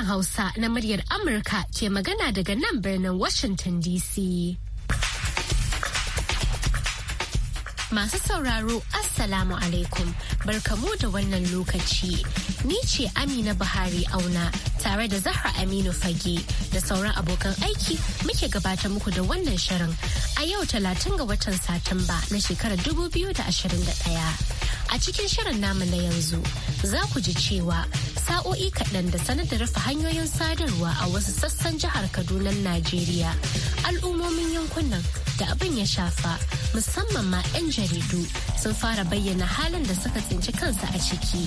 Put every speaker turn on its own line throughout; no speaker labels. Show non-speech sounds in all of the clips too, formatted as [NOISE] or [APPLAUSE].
sashen Hausa na muryar Amurka ke magana daga nan birnin Washington DC. Masu sauraro Assalamu alaikum barkamu da wannan lokaci. Ni ce Amina Buhari auna tare da Zahra Aminu Fage da sauran abokan aiki muke gabata muku da wannan shirin a yau talatin ga watan Satumba na shekarar 2021. A cikin shirin namu na yanzu za ku ji cewa sa'o'i kaɗan da sanar da rufe hanyoyin sadarwa a wasu sassan jihar Kaduna Najeriya al'ummomin yankunan da abin ya shafa musamman ma 'yan jaridu sun fara bayyana halin da suka tsinci kansu a ciki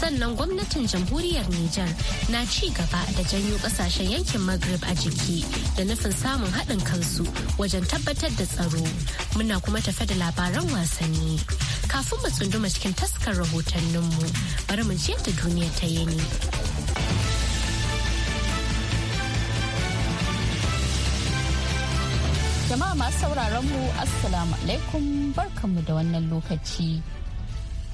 sannan gwamnatin jamhuriyar Nijar na ci gaba da janyo kasashen yankin Maghrib a jiki da nufin samun haɗin kansu wajen tabbatar da tsaro. Muna kuma tafe da labaran wasanni. Kafin mu tsunduma cikin taskar rahotanninmu, bari mu ciyar da duniya ta yini.
jama'a masu sauraron mu assalamu alaikum barkanmu da wannan lokaci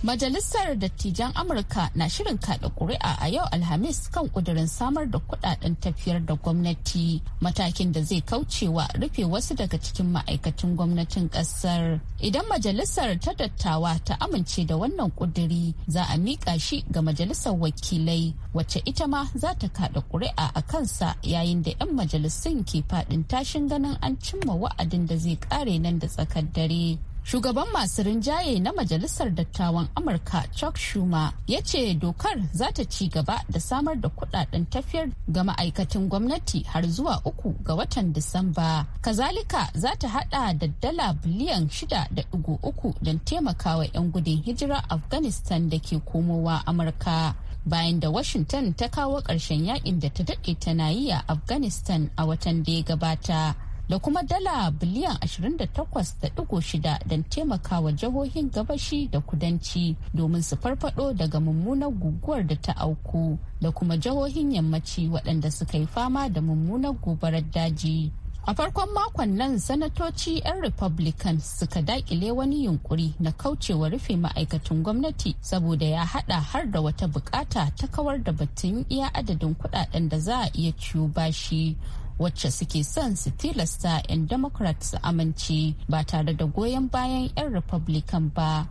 Majalisar Dattijan Amurka na shirin kaɗa ƙuri'a a yau Alhamis kan ƙudurin samar da kuɗaɗen tafiyar da gwamnati matakin da zai kaucewa rufe wasu daga cikin ma'aikacin gwamnatin ƙasar. Idan majalisar ta dattawa ta amince da wannan ƙuduri za a miƙa shi ga majalisar wakilai wacce ita ma za ta kaɗa ƙuri'a a kansa yayin da 'yan majalisun ke faɗin tashin ganin an cimma wa'adin da zai ƙare nan da tsakar dare. shugaban masu rinjaye na majalisar dattawan amurka chuck schumer ya ce dokar za ta ci gaba da samar da kudaden tafiyar ga ma'aikatan gwamnati har zuwa uku ga watan disamba kazalika za ta hada da dala biliyan shida da digo uku don taimakawa 'yan gudun hijira afghanistan da ke komowa amurka bayan da washington ta kawo ƙarshen yakin da ta daɗe tana yi a afghanistan a watan da ya gabata da kuma dala biliyan 28.6 don taimakawa jihohin gabashi da kudanci domin su farfado daga mummunar guguwar da ta auku da kuma jihohin yammaci waɗanda suka yi fama da mummunar gobarar daji. A farkon makon nan sanatoci 'yan Republican suka dakile wani yunkuri na kaucewa rufe ma'aikatan gwamnati saboda ya hada har da wata bukata ta kawar da batun iya adadin kudaden da za a iya ciyo bashi wacce suke son su tilasta 'yan democrat su amince ba tare da goyon bayan 'yan republican ba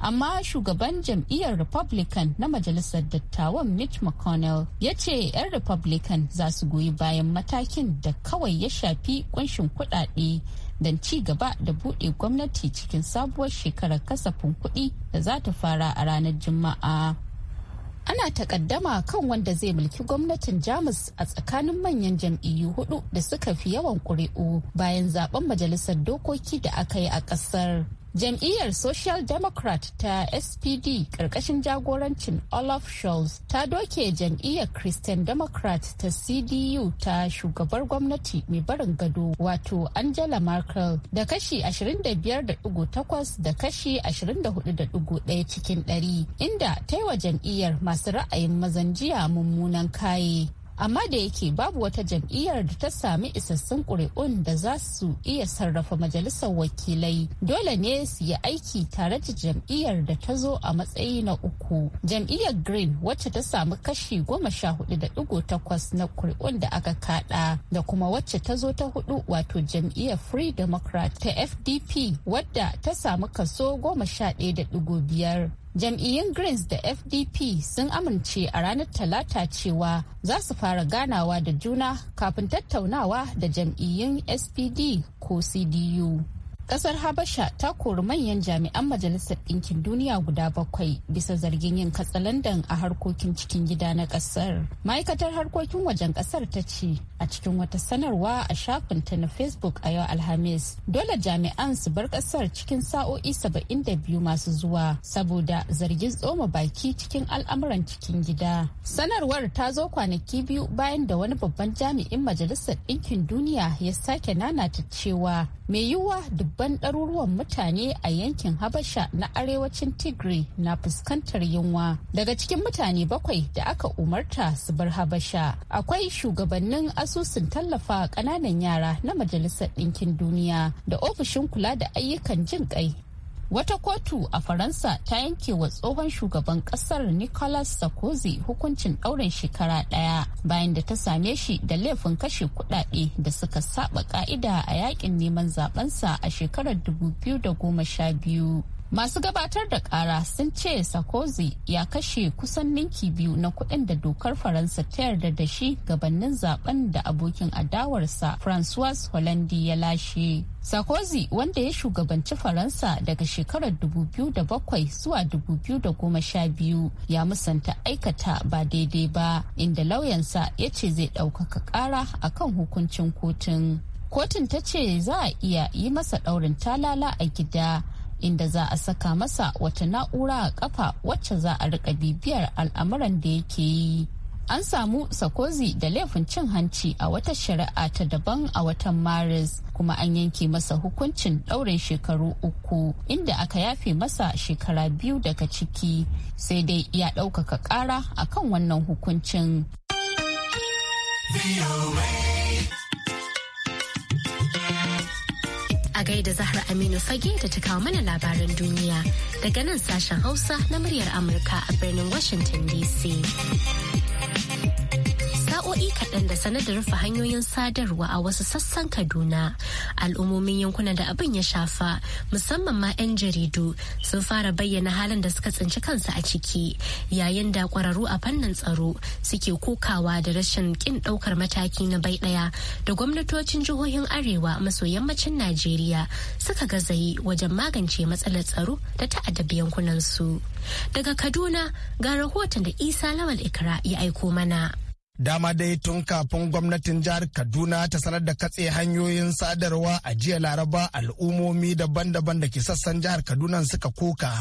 amma shugaban jam'iyyar republican na majalisar dattawan mitch mcconnell ya ce 'yan republican za su goyi bayan matakin da kawai ya shafi kunshin kudade don ci gaba da bude gwamnati cikin sabuwar shekarar kasafin kuɗi da za ta fara a ranar juma'a ana takaddama kan wanda zai mulki gwamnatin jamus a tsakanin manyan jam'iyyu hudu da suka fi yawan ƙuri'u bayan zaben majalisar dokoki da aka yi a ƙasar Jam'iyyar Social Democrat ta SPD ƙarƙashin jagorancin Olaf Scholz ta doke jam'iyyar Christian Democrat ta CDU ta shugabar gwamnati mai barin gado wato Angela Merkel da kashi 25.8 da kashi 24.1 cikin 100 inda ta yi wa jam'iyyar masu ra'ayin mazan jiya mummunan kaye. amma da yake babu wata jam'iyyar da ta sami isassun ƙuri'un da za su iya sarrafa majalisar wakilai dole ne su yi aiki tare da jam'iyyar da ta zo a matsayi na uku jam'iyyar green wacce ta sami kashi goma sha hudu da digo takwas na ƙuri'un da aka kada da kuma wacce ta zo ta hudu wato jam'iyyar free democrat ta fdp wadda ta sami kaso goma sha ɗaya da digo biyar jam'iyyun greens da fdp sun amince a ranar talata cewa za su fara ganawa da juna kafin tattaunawa da jam'iyyun spd ko cdu kasar habasha ta kori manyan jami'an majalisar ɗinkin duniya guda bakwai bisa zargin yin katsalandan a harkokin cikin gida na kasar ma'aikatar harkokin wajen kasar ta ce a cikin wata sanarwa a shafinta na facebook a yau alhamis dole jami'an su bar kasar cikin sa'o'i saba'in da biyu masu zuwa saboda zargin tsoma baki cikin al'amuran cikin gida sanarwar ta zo kwanaki biyu bayan da wani babban jami'in majalisar ɗinkin duniya ya sake nanata cewa mai yiwuwa dubban babban ɗaruruwan mutane a yankin Habasha na arewacin Tigray na fuskantar yunwa. Daga cikin mutane bakwai da aka umarta su bar Habasha akwai shugabannin asusun tallafa ƙananan yara na Majalisar Ɗinkin Duniya da ofishin kula da ayyukan jin ƙai Wata kotu a Faransa ta yanke wa tsohon shugaban kasar Nicolas Sarkozy hukuncin ɗaurin shekara ɗaya bayan da ta same shi da laifin kashe kuɗaɗe da suka saba ka'ida a yakin neman zabensa a shekarar 2012. Masu gabatar da kara sun ce Sarkozy ya kashe kusan ninki biyu na kuɗin da dokar Faransa ta yarda da shi gabanin zaben da abokin adawarsa Francois Hollande ya lashe. Sarkozy wanda ya shugabanci Faransa daga shekarar 2007 zuwa 2012 ya musanta aikata ba daidai ba inda lauyansa ya ce zai ɗaukaka ƙara akan hukuncin kotun. Kotun ta ce za a iya yi masa ɗaurin talala a gida inda za a saka masa wata na'ura a kafa wacce za a rika bibiyar al'amuran da yake yi an samu sakozi da laifin cin hanci a wata shari'a ta daban a watan maris kuma an yanke masa hukuncin ɗaurin shekaru uku inda aka yafe masa shekara biyu daga ciki sai dai ya ɗaukaka ƙara
akan wannan hukuncin. gaida Zahra Aminu Fage da ta kawo mana labaran duniya daga nan sashen Hausa na muryar Amurka a birnin Washington DC. sa'o'i kaɗan da sanadar rufe hanyoyin sadarwa a wasu sassan Kaduna. Al'ummomin yankunan da abin ya shafa musamman ma 'yan jaridu sun fara bayyana halin da suka tsinci kansu a ciki yayin da kwararru a fannin tsaro suke kokawa da rashin kin ɗaukar mataki na bai ɗaya da gwamnatocin jihohin Arewa maso yammacin Najeriya suka gazayi wajen magance matsalar tsaro da yankunan su Daga Kaduna ga rahoton da Isa Lawal Ikra ya aiko mana.
Dama dai tun kafin gwamnatin jihar Kaduna ta sanar da katse hanyoyin sadarwa a jiya Laraba al'ummomi daban-daban da ke sassan jihar Kaduna suka koka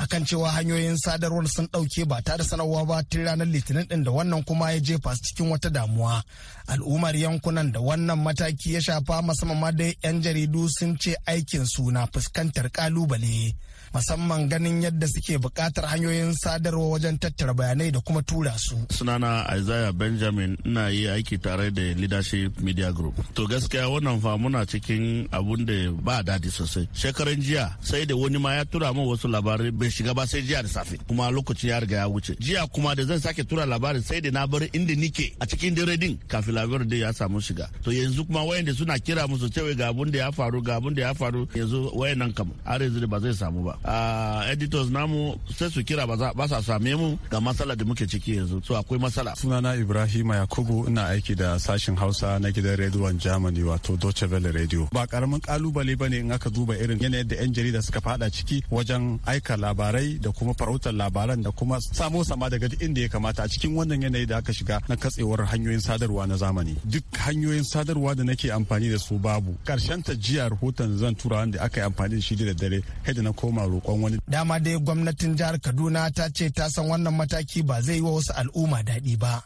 akan cewa hanyoyin sadarwar sun ɗauke ba da sanarwa ba tun ranar Litinin din da wannan kuma ya jefa su cikin wata damuwa. Al'ummar yankunan da wannan mataki ya shafa musamman ma dai 'yan jaridu sun ce aikin su na fuskantar kalubale. musamman ganin yadda suke buƙatar hanyoyin sadarwa wajen tattara bayanai da kuma tura su.
Sunana Isaiah Benjamin ina yi aiki tare da Leadership Media Group. To gaskiya wannan fa muna cikin abun da ba dadi sosai. Shekaran jiya sai da wani ma ya tura min wasu labarai bai shiga ba sai jiya da safe kuma lokacin ya riga ya wuce. Jiya kuma da zan sake tura labarin sai da na bar inda nike a cikin dare din kafin labarin da ya samu shiga. To yanzu kuma wayanda suna kira musu cewa ga abun da ya faru ga abun da ya faru yanzu wayannan kam har yanzu da ba zai samu ba. Ah, editors namu sai su kira ba sa same mu ga matsala da muke ciki
yanzu so akwai matsala sunana Ibrahim yakubu ina aiki da sashin hausa na gidan rediyon germany wato deutsche welle radio ba karamin kalubale bane in aka duba irin yanayin da yan jarida suka fada ciki wajen aika labarai da kuma farautar labaran da kuma samo sama daga inda ya kamata a cikin wannan yanayi da aka shiga na katsewar hanyoyin sadarwa na zamani duk hanyoyin sadarwa da nake amfani da su babu karshen ta jiya rahoton zan tura wanda aka yi amfani da shi da dare hidda na koma roƙon wani.
Dama dai gwamnatin jihar Kaduna ta ce ta san wannan mataki ba zai yi wa wasu al'umma daɗi ba.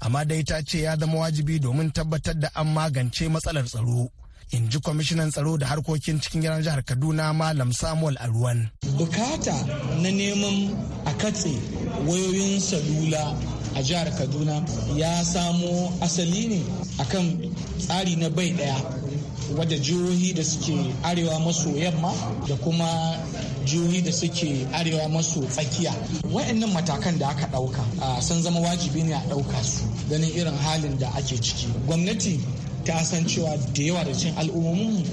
Amma dai ta ce ya zama wajibi domin tabbatar da an magance matsalar tsaro. in ji kwamishinan tsaro da harkokin cikin gidan jihar kaduna malam samuel aruwan bukata na neman a katse wayoyin salula
a jihar kaduna ya samo asali ne akan tsari na bai daya wadda jihohi da suke arewa maso yamma da kuma jihohi da suke arewa maso tsakiya wa'annan matakan da aka ɗauka sun zama wajibi ne a ɗauka su ganin irin halin da ake ciki gwamnati ta san cewa da yawa da cin al'ummomin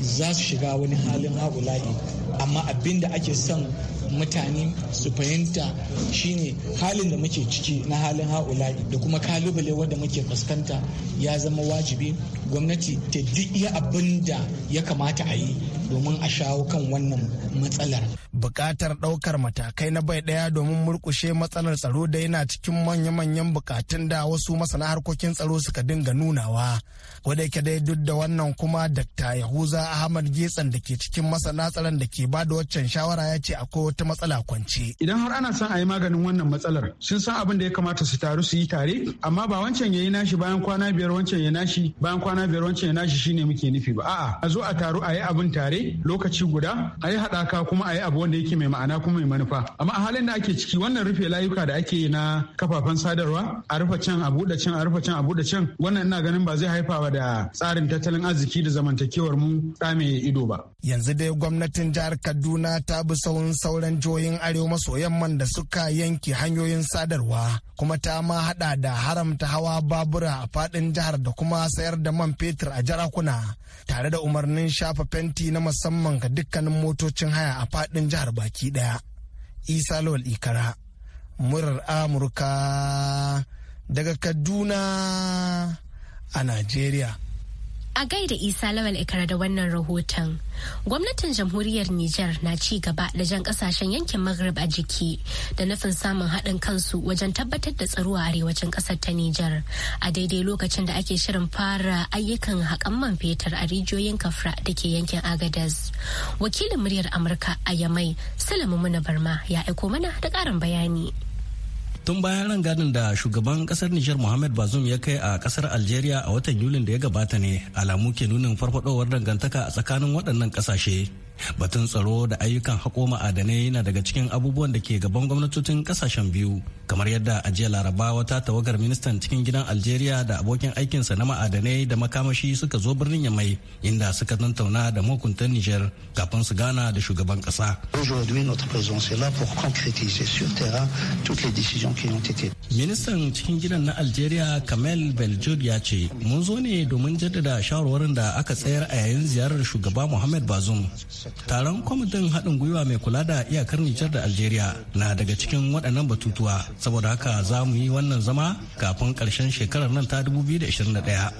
za su shiga wani halin haƙula'i amma abin da ake son mutane su fahimta shine halin da muke ciki na halin haula'i da kuma kalubale wanda muke fuskanta ya zama wajibi gwamnati
ta duk iya abin da ya kamata a yi domin a shawo kan wannan matsalar bukatar ɗaukar matakai na bai ɗaya domin murkushe matsalar tsaro da yana cikin manya-manyan bukatun da wasu masana harkokin tsaro suka dinga nunawa wadda dai duk da wannan kuma Dr. yahuza ahmad getsan da ke cikin masana tsaron da ke ba da waccan shawara ya ce akwai wata matsala kwance idan har ana son a yi maganin wannan matsalar sun san abin da ya kamata su taru su yi tare amma ba wancan ya yi nashi bayan kwana biyar wancan ya nashi bayan kwana biyar wancan ya nashi shine muke nufi ba a'a a zo a taru a yi abin tare lokaci guda a yi haɗaka kuma a yi abu wanda yake mai ma'ana kuma mai manufa amma a halin da ake ciki wannan rufe layuka da ake na kafafen sadarwa a rufe can a buɗe can a rufe can a buɗe can wannan ina ganin ba zai haifa da tsarin tattalin arziki da zamantakewar mu ɗa mai ido ba yanzu dai gwamnatin jihar kaduna ta bi sahun sauran jihohin arewa maso yamman da suka yanke hanyoyin sadarwa kuma ta ma hada da haramta hawa babura a fadin jihar da kuma sayar da man fetur a jarakuna tare da umarnin shafa fenti na musamman ga dukkanin motocin haya a fadin jihar baki daya isa lawal ikara murar amurka daga kaduna a najeriya
A gaida Isa Lawal Ikara da wannan rahoton. Gwamnatin jamhuriyar Nijar na ci gaba da jan kasashen yankin Maghrib a jiki da nufin samun haɗin kansu wajen tabbatar da tsaro a arewacin ƙasar ta Nijar. A daidai lokacin da ake shirin fara ayyukan haƙan man fetur a rijiyoyin Kafra da ke yankin Agadez. Wakilin muryar Amurka a Yamai, Salamu Muna Barma ya aiko mana da ƙarin bayani.
tun bayan rangadin da shugaban kasar Nijar Mohamed Bazoum ya kai a kasar Algeria a watan Yulin da ya gabata ne alamu ke nunin farfadowar dangantaka a tsakanin waɗannan ƙasashe. batun tsaro da ayyukan haƙo ma'adanai na daga cikin abubuwan da ke gaban gwamnatocin kasashen biyu kamar yadda a jiya laraba wata tawagar ministan cikin gidan algeria da abokin aikinsa na ma'adanai da makamashi suka zo birnin mai inda suka tantauna da mukuntan niger kafin su gana da shugaban ƙasa.
aujourd'hui notre présence est là pour concrétiser sur terrain toutes les décisions qui ont
Ministan cikin gidan na Algeria Kamel Beljud ya ce, "Mun zo ne domin jaddada shawarwarin da aka tsayar a yayin ziyarar shugaba Muhammad Bazoum. Taron kwamitin haɗin gwiwa mai kula da iyakar Nijar da Algeria na daga cikin waɗannan batutuwa, saboda haka za mu yi wannan zama kafin ƙarshen shekarar nan ta 2021.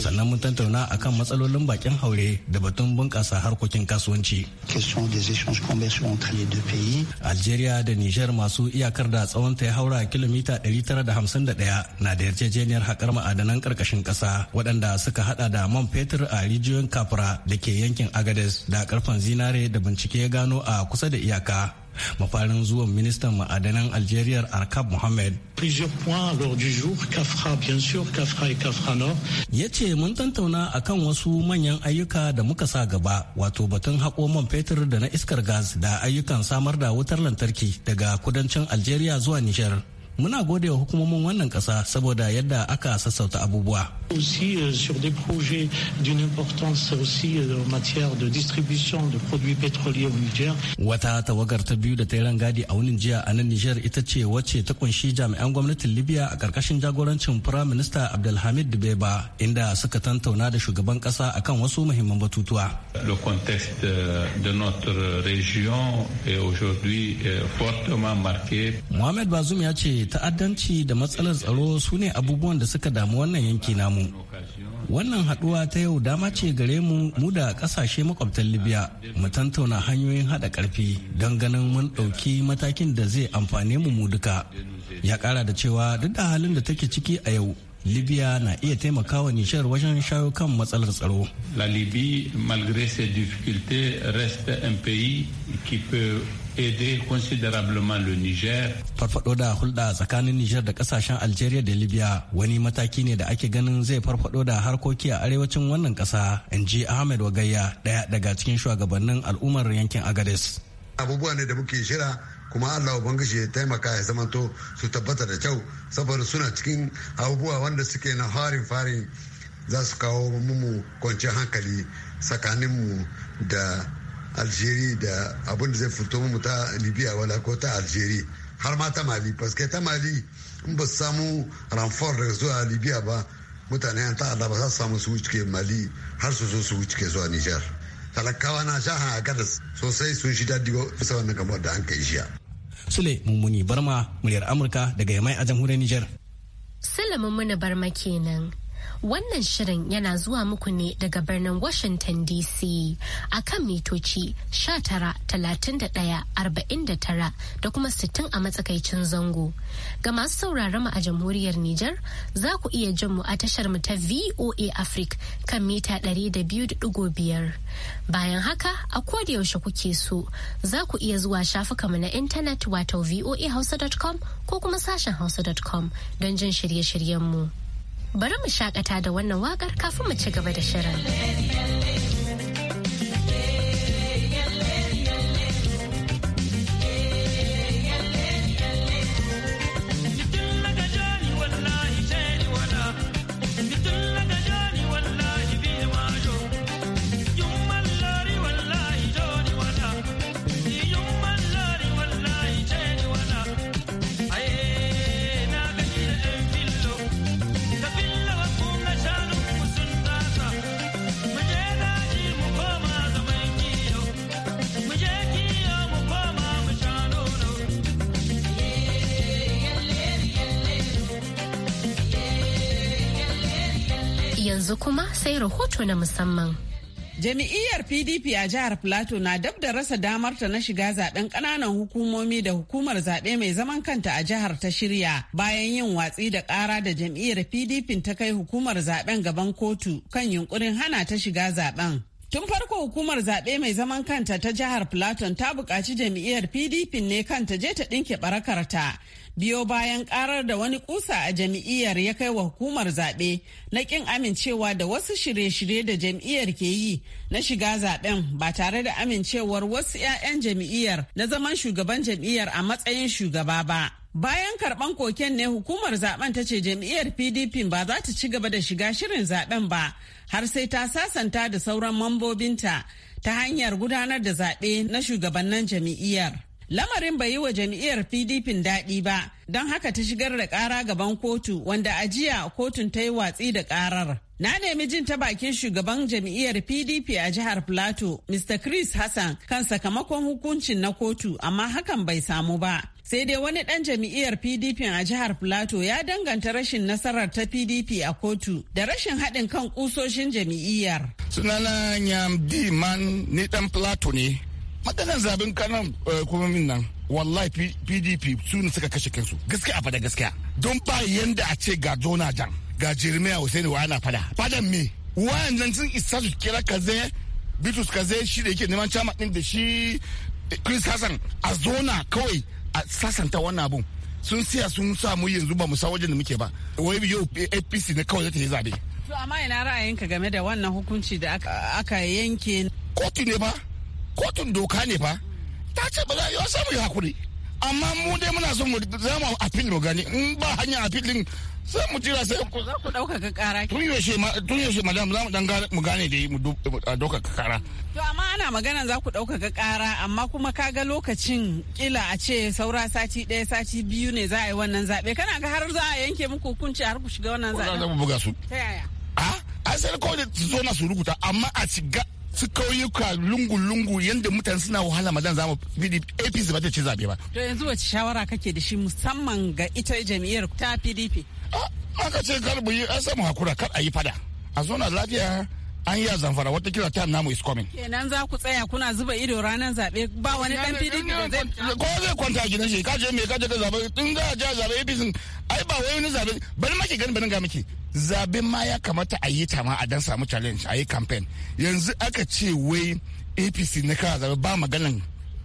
Sannan mun tantauna akan matsalolin bakin haure da batun bunƙasa harkokin kasuwanci. Algeria da Nijar masu iyakar da tsawonta ya haura kilomita 1951 na da yarjejeniyar haƙar ma'adanan ƙarƙashin ƙasa waɗanda suka hada da man fetur a rijiyoyin kafura da ke yankin agades da ƙarfen zinare da bincike ya gano a kusa da iyaka mafarin zuwan ministan ma'adanan algeria arkab mohamed ya ce mun tantauna a kan wasu manyan ayyuka da muka sa gaba wato batun haƙo man fetur da na iskar gas da ayyukan samar da wutar lantarki daga kudancin algeria zuwa nijar muna gode wa hukumomin wannan kasa saboda yadda aka sassauta abubuwa.
Aussi euh, sur des projets
d'une importance aussi euh, en matière de distribution de produits pétroliers au Niger. Wata tawagar ta biyu da ta yi rangadi a wunin jiya a nan Niger ita ce wacce ta kunshi jami'an gwamnatin Libya a ƙarƙashin jagorancin Firayim Minista Abdulhamid Dubeba inda suka tantauna da shugaban ƙasa akan wasu muhimman batutuwa.
Le contexte euh, notre région est aujourd'hui
Mohamed Bazoum ya ce ta'addanci da matsalar tsaro su ne abubuwan da suka damu wannan yanki namu wannan haduwa ta yau dama ce gare mu mu da kasashe makwabtan libya mu tantauna hanyoyin haɗa karfi don ganin mun ɗauki matakin da zai amfane mu mu duka ya ƙara da cewa duk da halin da take ciki a yau libya na iya taimakawa nishar wajen shayo kan matsalar tsaro
la libi malgré ses difficultés reste un pays qui peut aider considérablement le Niger. Farfado
da hulɗa tsakanin nijar da kasashen Algeria da Libya wani mataki ne da ake ganin zai farfado da harkoki a arewacin wannan ƙasa, in ji Ahmed Wagayya ɗaya daga cikin shugabannin al'ummar yankin Agades.
Abubuwa ne da muke shira kuma allah ubangiji ya taimaka ya zamanto su tabbata da kyau saboda suna cikin abubuwa wanda suke na harin farin za su kawo mu kwanciyar hankali tsakaninmu da algeria da abin da zai fito mu ta libya wala ko ta algeria har ma ta mali paske ta mali in ba samu ranfor daga zuwa libya ba mutane ta ba za su samu su wuce mali har su zo su wuce zuwa nijar. talakawa na sha gadas sosai sun shi daɗi bisa wannan gaba da an kai shiya.
Sule Mummuni Barma, muryar Amurka daga Yamai a jamhuriyar Nijar.
Sule Mummuni Barma kenan. Wannan shirin yana zuwa muku ne daga birnin Washington DC a kan mitoci 19,31,49 da kuma 60 a matsakaicin zango. Ga masu sauraron mu a jamhuriyar Nijar za ku iya jin mu a tashar mu ta VOA Africa kan mita 200.5. Bayan haka a yaushe kuke so za ku iya zuwa mu na intanet wato voahausa.com ko kuma sashen hausa.com don jin shirye-shiryenmu. mu. Bari mu shakata da wannan wakar kafin mu ci gaba da shirin.
sai rahoto na musamman. Jami'iyyar PDP a jihar Plateau na dab da rasa ta na shiga zaben kananan hukumomi da hukumar zaɓe mai zaman kanta a jihar ta shirya bayan yin watsi da ƙara da jam'iyyar PDP ta kai hukumar zaben gaban kotu kan yunkurin hana ta shiga zaben. Tun farko hukumar zaɓe mai zaman kanta ta jihar Plateau ta buƙaci jam'iyyar PDP ne kanta je ta ɗinke ɓarakarta biyo bayan karar da wani kusa a jam'iyyar ya kai wa hukumar zaɓe na ƙin amincewa da wasu shirye-shirye da jam'iyyar ke yi na shiga zaɓen ba tare da amincewar wasu 'ya'yan jam'iyyar na zaman shugaban jam'iyyar a matsayin shugaba ba. Bayan karban koken ne hukumar zaben ta ce jam'iyyar PDP ba za ta ci gaba da shiga shirin zaben ba har sai ta sasanta da sauran mambobinta ta hanyar gudanar da zaɓe na shugabannin jam'iyyar. Lamarin bai yi wa jam'iyyar PDP daɗi ba, don haka ta shigar da ƙara gaban kotu wanda a jiya kotun ta yi watsi da ƙarar. Na nemi jin ta bakin shugaban jam'iyyar PDP a jihar Plateau, Mr. Chris Hassan, kan sakamakon hukuncin na kotu, amma hakan bai samu ba. sai dai wani ɗan jam'iyyar pdp a jihar plato ya danganta rashin nasarar ta pdp a kotu da rashin haɗin kan ƙusoshin jam'iyyar
sunana nyamdi man ni ɗan plato ne matsalan zaben kanan eh, hukumomin nan wallahi pdp su ne suka kashe kansu gaskiya a fada gaskiya don ba yanda a ce ga jona jan ga jirmiya hussein wa yana fada fadan me wayan nan sun isa su kira kaze bitus kaze shi da yake neman chama din da shi eh, chris hassan a zona kawai a sasanta wannan abun sun siya sun samu yanzu ba mu sa wajen da muke ba wai yau apc ne kawai zata yi zabe
to amma ina ra'ayinka game da wannan hukunci da aka yanke kotu ne ba kotun doka ne fa ta
ce ba za a yi wasa mu yi hakuri amma mu dai muna son mu zama a filin mu gani in ba hanya a
filin sai mu jira sai ku za ku dauka ka kara tun yaushe tun
yaushe madam za mu dan mu gane da mu dauka ka kara
to amma ana magana za ku dauka ka kara amma kuma ka ga lokacin kila a ce saura sati ɗaya sati biyu ne za a yi wannan zabe kana ga har za a yanke muku hukunci har ku shiga wannan zabe za mu buga su ta yaya
a ah, sai ko da su zo na su rubuta amma a shiga su kauyuka lungu-lungu yadda mutane suna wahala madan zamu bidi apc ba ta ci zaɓe ba
to yanzu wace shawara kake da shi musamman ga ita jam'iyyar ta pdp ah,
aka ce garbu yi an samu hakura kar a yi fada a zona lafiya an yi a zamfara wata kira ta namu is coming
kenan za ku tsaya kuna zuba ido ranar zaɓe ba wani dan PDP da zai ko zai kwanta
gidan shi kaje me kaje ka zabe tun za a a zabe APC ai ba wai wani zabe bari maki gani bari ga miki zaɓe ma ya kamata a yi ta ma a dan samu challenge a yi campaign yanzu aka ce wai APC na kawo zaɓe ba maganan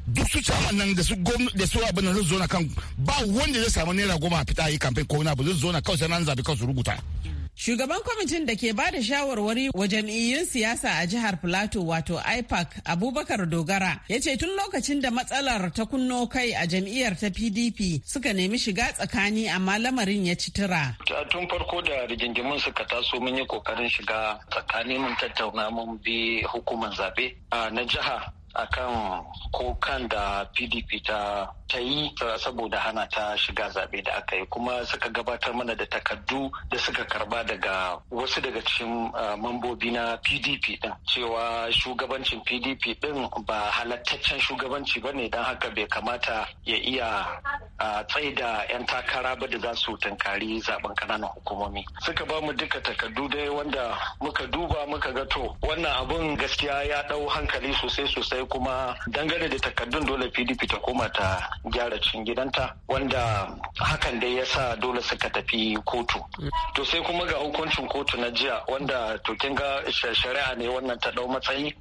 duk su cama nan da su da su abin nan zo na kan ba wanda zai samu naira goma a fita a yi campaign ko wani abu zai zo na kawai sai na zabe kawai su rubuta
Shugaban kwamitin da ke ba da shawarwari wa jam'iyyun siyasa a jihar Filato wato IPAC Abubakar Dogara ya ce tun lokacin da matsalar ta kunno kai a jam'iyyar ta PDP suka nemi shiga tsakani amma lamarin ya ci tura.
Tun farko da rigingimun suka taso mun yi kokarin shiga tsakani mun tattauna mun bi hukumar zabe na jiha akan kokan da PDP ta ta yi saboda hana ta shiga zaɓe da aka yi kuma suka gabatar mana da takardu da suka karba daga wasu daga cikin uh, mambobi na pdp din cewa shugabancin pdp din ba halattaccen shugabanci ba ne don haka bai kamata ya iya uh, tsaida 'yan takara ba da za su tunkari zaben kananan hukumomi suka ba mu duka takardu dai wanda muka duba muka ga to wannan abun gaskiya ya dau hankali sosai sosai kuma dangane da takardun dole pdp ta koma ta gyara cikin gidanta wanda hakan dai yasa dole suka tafi kotu to sai kuma ga hukuncin kotu na jiya wanda to kin ga shari'a ne wannan ta dau matsayi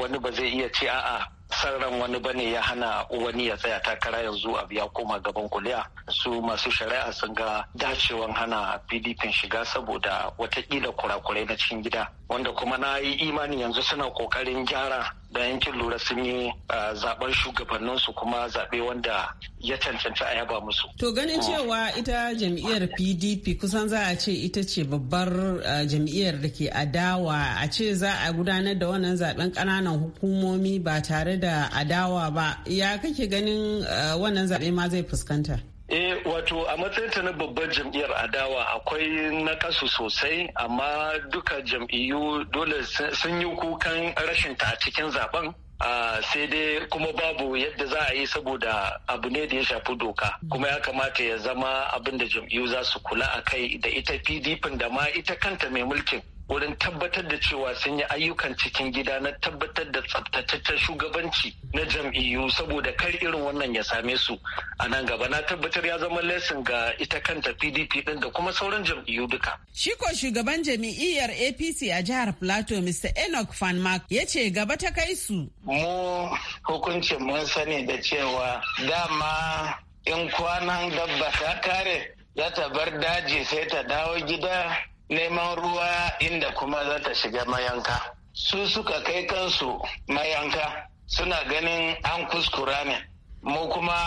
wani ba zai iya ce a'a sarran wani bane ya hana wani ya tsaya takara yanzu abu ya koma gaban kuliya su masu shari'a sun ga dacewan hana pdp shiga saboda watakila kurakurai na cikin gida wanda kuma na yi imani yanzu suna kokarin gyara da yankin lura sun yi zaben shugabanninsu kuma zaɓe wanda ya cancanci a yaba musu. To ganin cewa
ita jam'iyyar PDP kusan za a ce ita ce babbar jam'iyyar da ke adawa a ce za a gudanar da wannan zaben ƙananan hukumomi ba tare da adawa ba ya kake ganin wannan zaɓe ma zai fuskanta?
E, wato a ta na babbar jam'iyyar adawa akwai nakasu sosai amma duka jam'iyyu dole sun yi kukan rashin ta a cikin zaben ah, sai dai kuma babu yadda za a yi saboda abu ne da ya shafi doka kuma ya kamata ya zama abin da jam'iyyu za su kula a kai da ita pdp da ma ita kanta mai mulkin wurin tabbatar da cewa sun yi ayyukan cikin gida na tabbatar da tsabtataccen shugabanci na jam'iyyu saboda kar irin wannan ya same su a nan gaba na tabbatar ya zama lesson ga ita kanta pdp din da kuma sauran jam'iyyu duka
shi ko shugaban jam'iyyar apc a jihar plateau mr enoch van mark ya ce gaba ta kai su
mu hukuncin mun sani da
cewa dama in kwanan dabba ta kare za ta bar daji sai ta dawo gida neman ruwa inda kuma za ta shiga mayanka su suka kai kansu mayanka suna ganin an kuskura ne mu kuma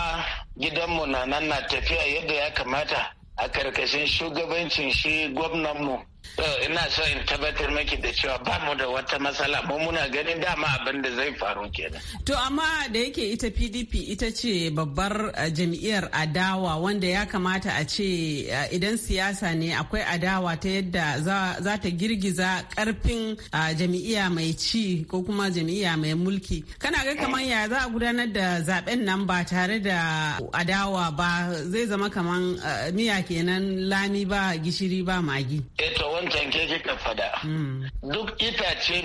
gidanmu na nan na tafiya yadda ya kamata a karkashin shugabancin shi gwamnanmu ina so in tabbatar maki da cewa ba mu da wata matsala mu muna ganin dama abin da zai faru kenan.
To amma da yake ita PDP ita ce babbar eh, jam'iyyar adawa wanda ya kamata a ce eh, idan siyasa ne akwai adawa ta yadda za ta girgiza karfin eh, jam'iyya mai ci ko kuma jam'iyya mai mulki. Kana ga kamar ya za a gudanar da zaben nan ba tare da adawa ba zai zama kamar miya kenan lami ba gishiri ba magi.
Eto wancan ke kika fada. Duk itace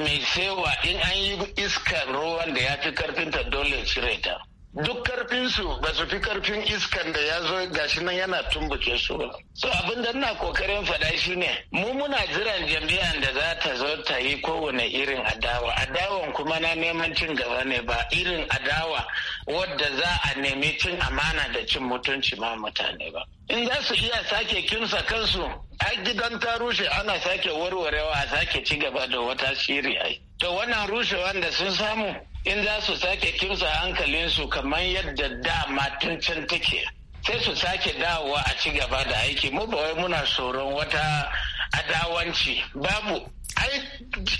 mai sewa in an yi iskar ruwan da ya fi karfinta dole ya cire ta. duk karfinsu ba su fi karfin iskan da ya zo gashi nan yana tumbuke su ba. So abin da ina kokarin faɗa shi ne, mu muna jiran jami'an da za ta zo ta yi kowane irin adawa. Adawan kuma na neman cin gaba ne ba irin adawa wadda za a nemi cin amana da cin mutunci ma mutane ba. In za su iya sake kimsa kansu, ai gidan ta rushe ana sake warwarewa a sake ci gaba da wata shiri ai. To wannan rushe wanda sun samu in za su sake kimsa hankalinsu kamar yadda da tun take sai su sake dawowa a ci gaba da aiki mu ba wai muna tsoron wata adawanci babu ai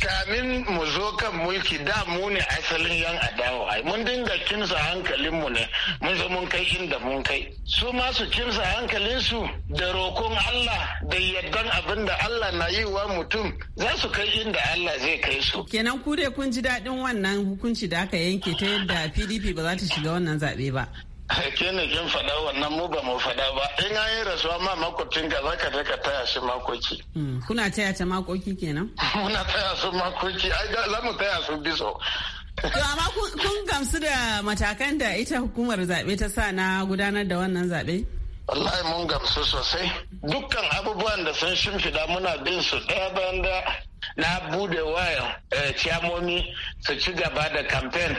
kamin mu zo kan mulki da mu ne asalin yan adawa ai mun dinga kinsa hankalin mu ne mun zo mun kai inda mun kai su ma su kinsa su da rokon Allah da yaddan abin da Allah na yi wa mutum za su kai inda Allah zai
kai su kenan ku dai kun ji daɗin wannan hukunci da aka yanke ta yadda PDP ba za ta shiga wannan zabe ba
ke ne kin faɗa wannan mu ba mu faɗa ba in an yi rasuwa ma makocin ka za ka je ka taya shi makoki.
Hmm. kuna taya ta makoki kenan. [LAUGHS]
muna taya su makoki ai za mu taya su biso.
to amma kun gamsu da matakan da ita hukumar zaɓe ta sa na gudanar da wannan zaɓe.
wallahi mun gamsu sosai dukkan abubuwan da sun shimfiɗa muna bin su ɗaya bayan da na bude wayan eh, ciyamomi su ci gaba da kamfen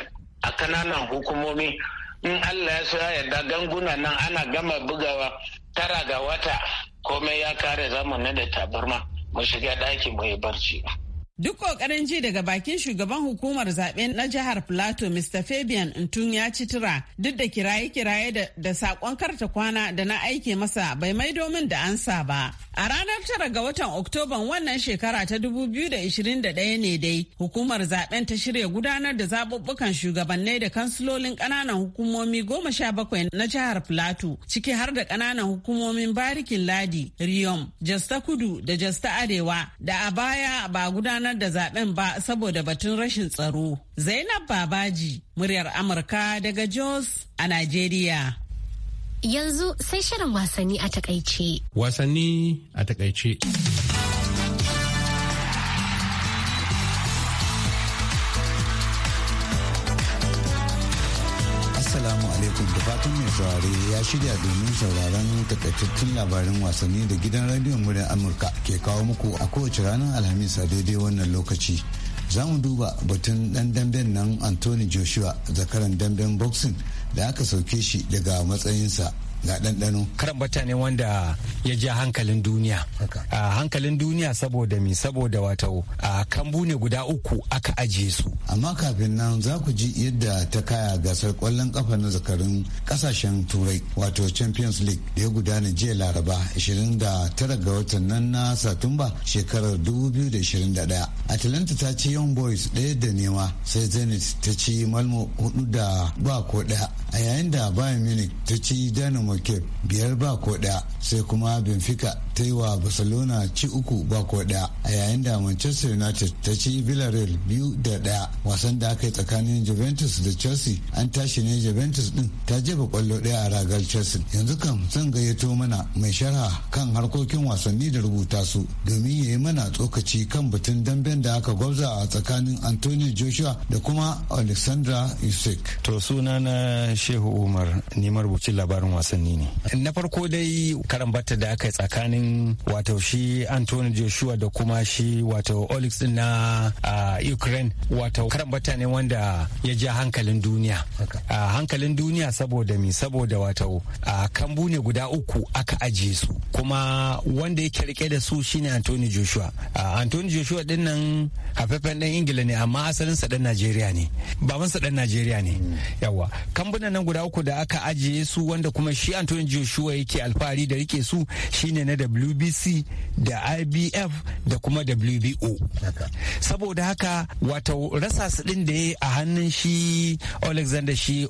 a kananan hukumomi in allah ya so ya yarda ganguna nan ana gama bugawa tara ga wata komai ya kare zamanin da taburma mu shiga ɗaki mu yi barci
Duk ƙoƙarin ji daga bakin shugaban hukumar zaɓe na jihar Plateau Mr. Fabian Ntun ya ci tura duk da kiraye-kiraye da, saƙon karta kwana da na aike masa bai mai domin da ansa ba. A ranar tara ga watan Oktoban wannan shekara ta 2021 ne dai hukumar zaɓen ta shirya gudanar da zaɓuɓɓukan shugabannai da kansilolin ƙananan hukumomi goma sha bakwai na jihar Plateau ciki har da ƙananan hukumomin Barikin Ladi, Riyom, Jasta Kudu da Jasta Arewa da a baya ba gudanar gudanar da zaben ba saboda batun rashin tsaro. Zainab Babaji, muryar Amurka daga Jos a Najeriya.
Yanzu sai shirin wasanni a takaice.
Wasanni a takaice.
Litinin da fatan mai saurari ya shirya domin sauraron takaitattun labarin wasanni da gidan radiyon muryar Amurka ke kawo muku a kowace ranar Alhamis a daidai wannan lokaci. Za mu duba batun dan damben nan Anthony Joshua zakaran damben boxing da aka sauke shi daga matsayinsa na ɗanɗano. Karambata ne wanda ya ja
hankalin duniya. A hankalin duniya saboda mi saboda wata a kambu ne guda
uku aka ajiye su. Amma kafin nan za ku ji yadda ta kaya gasar kwallon kafa na zakarin kasashen turai wato Champions League da ya gudana jiya Laraba 29 ga watan nan na Satumba shekarar 2021. Atalanta ta ci Young Boys ɗaya da nema sai Zenit ta ci Malmo hudu da ba ko ɗaya a yayin da Bayern Munich ta ci Dynamo samu biyar ba ko ɗaya sai kuma benfica ta yi wa barcelona ci uku ba ko ɗaya a yayin da manchester united ta ci villarreal biyu da ɗaya wasan da aka yi tsakanin juventus da chelsea an tashi ne juventus din ta jefa kwallo ɗaya a ragar chelsea yanzu kam zan gayyato mana mai sharha kan harkokin wasanni da rubuta su domin ya yi mana tsokaci kan batun damben da aka gwabza a tsakanin antonio joshua da kuma alexandra yusek to suna na
shehu umar ni marubucin labarin wasanni wasanni ne na farko dai karambata da aka yi tsakanin wato shi anthony joshua da kuma shi wato olix na ukraine wato karambata ne wanda ya ja hankalin duniya hankalin duniya saboda mi saboda wato kambu ne guda uku aka ajiye su kuma wanda yake rike da su shine anthony joshua anthony joshua din nan haifafen dan ingila ne amma asalinsa dan najeriya ne babansa dan najeriya ne hmm. yawa kambunan nan guda uku da aka ajiye su wanda kuma shi shi Anthony joshua yake alfahari da rike su shine na wbc da ibf da kuma wbo saboda haka wato rasa su din da ya a hannun shi alexander shi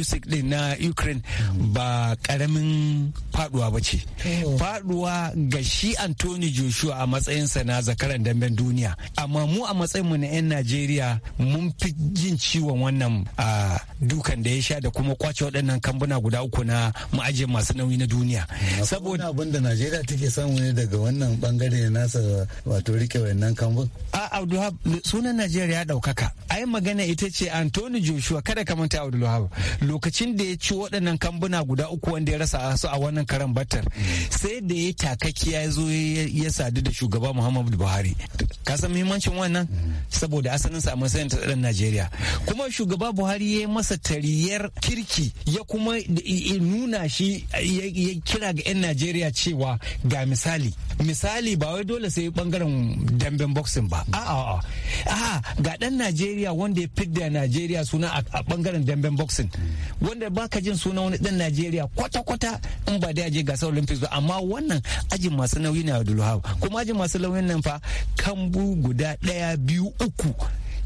usyk din na ukraine ba karamin faduwa ba ce oh. faduwa ga shi anthony joshua a matsayinsa na zakaran damben duniya amma mu a matsayin mu na 'yan najeriya mun fi jin ciwon wannan ah, dukan da ya sha da kuma kwace waɗannan kambuna guda uku na Ajiye masu nauyi
na duniya saboda abin da najeriya take samu ne daga wannan bangare nasa wato rike wannan kambun a abdulhab sunan najeriya ya daukaka
ai magana ita ce antoni joshua kada ka manta abdulhab lokacin da ya ci waɗannan kambuna guda uku wanda ya rasa su a wannan karan batar sai da ya takakiya ya zo ya sadu da shugaba muhammadu buhari ka san muhimmancin wannan saboda asalin sa a matsayin ta tsaron najeriya kuma shugaba buhari ya yi masa tariyar kirki ya kuma nuna shi eh, ya kira ga 'yan najeriya cewa ga misali misali ba wai dole sai bangaren damben boxing ba a'a ga dan najeriya wanda ya fidda najeriya suna a bangaren damben boxing wanda baka jin suna wani dan najeriya kwata-kwata in ba da je gasar olympics ba amma wannan ajin masu nauyi na da kuma ajin masu nauyin nan fa kambu guda ɗaya biyu uku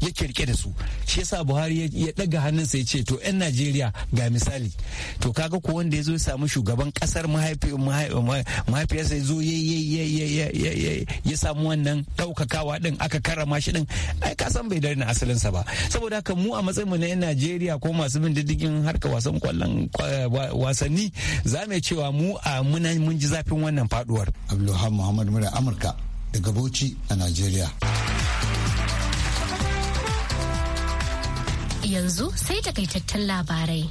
yake rike da su shi yasa buhari ya daga hannunsa ya ce to 'yan najeriya ga misali to kaga ko wanda ya zo ya samu shugaban kasar mahaifiyarsa ya zo ya samu wannan daukakawa din aka karrama shi din ai ka san bai daina asalinsa ba saboda haka mu a matsayin mu na 'yan najeriya ko masu bin diddigin harka wasan kwallon wasanni za mu cewa mu a muna mun ji zafin wannan faduwar
abdulhamu muhammad mura amurka daga bauchi a najeriya
Yanzu sai takaitattun labarai.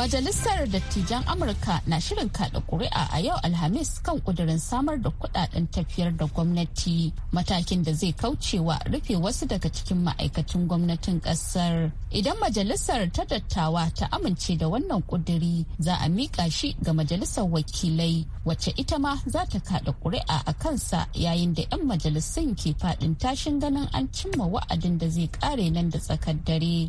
Majalisar Dattijan Amurka na shirin kaɗa ƙuri'a a yau Alhamis kan ƙudurin samar da kuɗaɗen tafiyar da gwamnati matakin da zai kaucewa rufe wasu daga cikin ma'aikacin gwamnatin ƙasar. Idan majalisar ta dattawa ta amince da wannan ƙuduri za a miƙa shi ga majalisar wakilai wacce ita ma za ta kaɗa ƙuri'a a kansa yayin da 'yan majalisun ke faɗin tashin ganin an cimma wa'adin da zai ƙare nan da tsakar dare.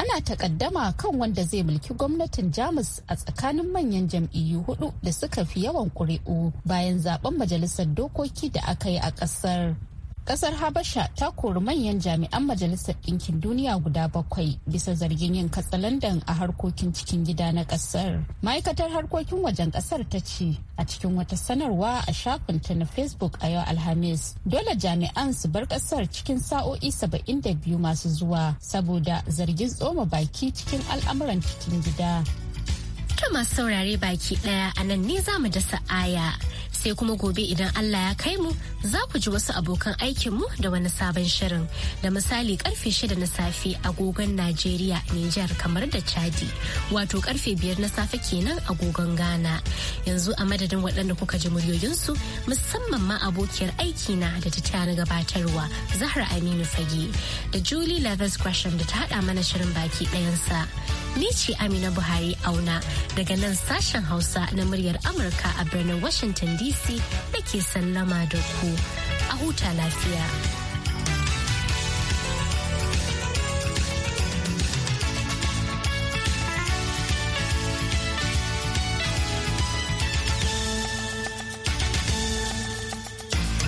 ana takaddama kan wanda zai mulki gwamnatin jamus a tsakanin manyan jam'iyyu hudu da suka fi yawan ƙuri'u bayan zaben majalisar dokoki da aka yi a ƙasar kasar habasha ta kori manyan jami'an majalisar ɗinkin duniya guda bakwai bisa zargin yin katsalandan a harkokin cikin gida na kasar ma'aikatar harkokin wajen kasar ta ce a cikin wata sanarwa a shafin ta na facebook a yau alhamis dole jami'an su bar kasar cikin sa'o'i saba'in da biyu masu zuwa saboda zargin tsoma baki cikin al'amuran cikin gida ta masu saurare
baki ɗaya a nan ne za mu dasa aya sai kuma gobe idan Allah ya kai mu za ku ji wasu abokan aikinmu da wani sabon shirin da misali karfe shida na safe agogon Najeriya Nijar kamar da Chadi wato karfe biyar na safe kenan agogon Ghana yanzu a madadin waɗanda kuka ji muryoyinsu musamman ma abokiyar na da ta tayar gabatarwa Zahra Aminu Fage da Julie Leathers Gresham da ta haɗa mana shirin baki ɗayansa ni ce Amina Buhari auna daga nan sashen Hausa na muryar Amurka a birnin Washington DC DC da ke sallama da ku. A huta lafiya.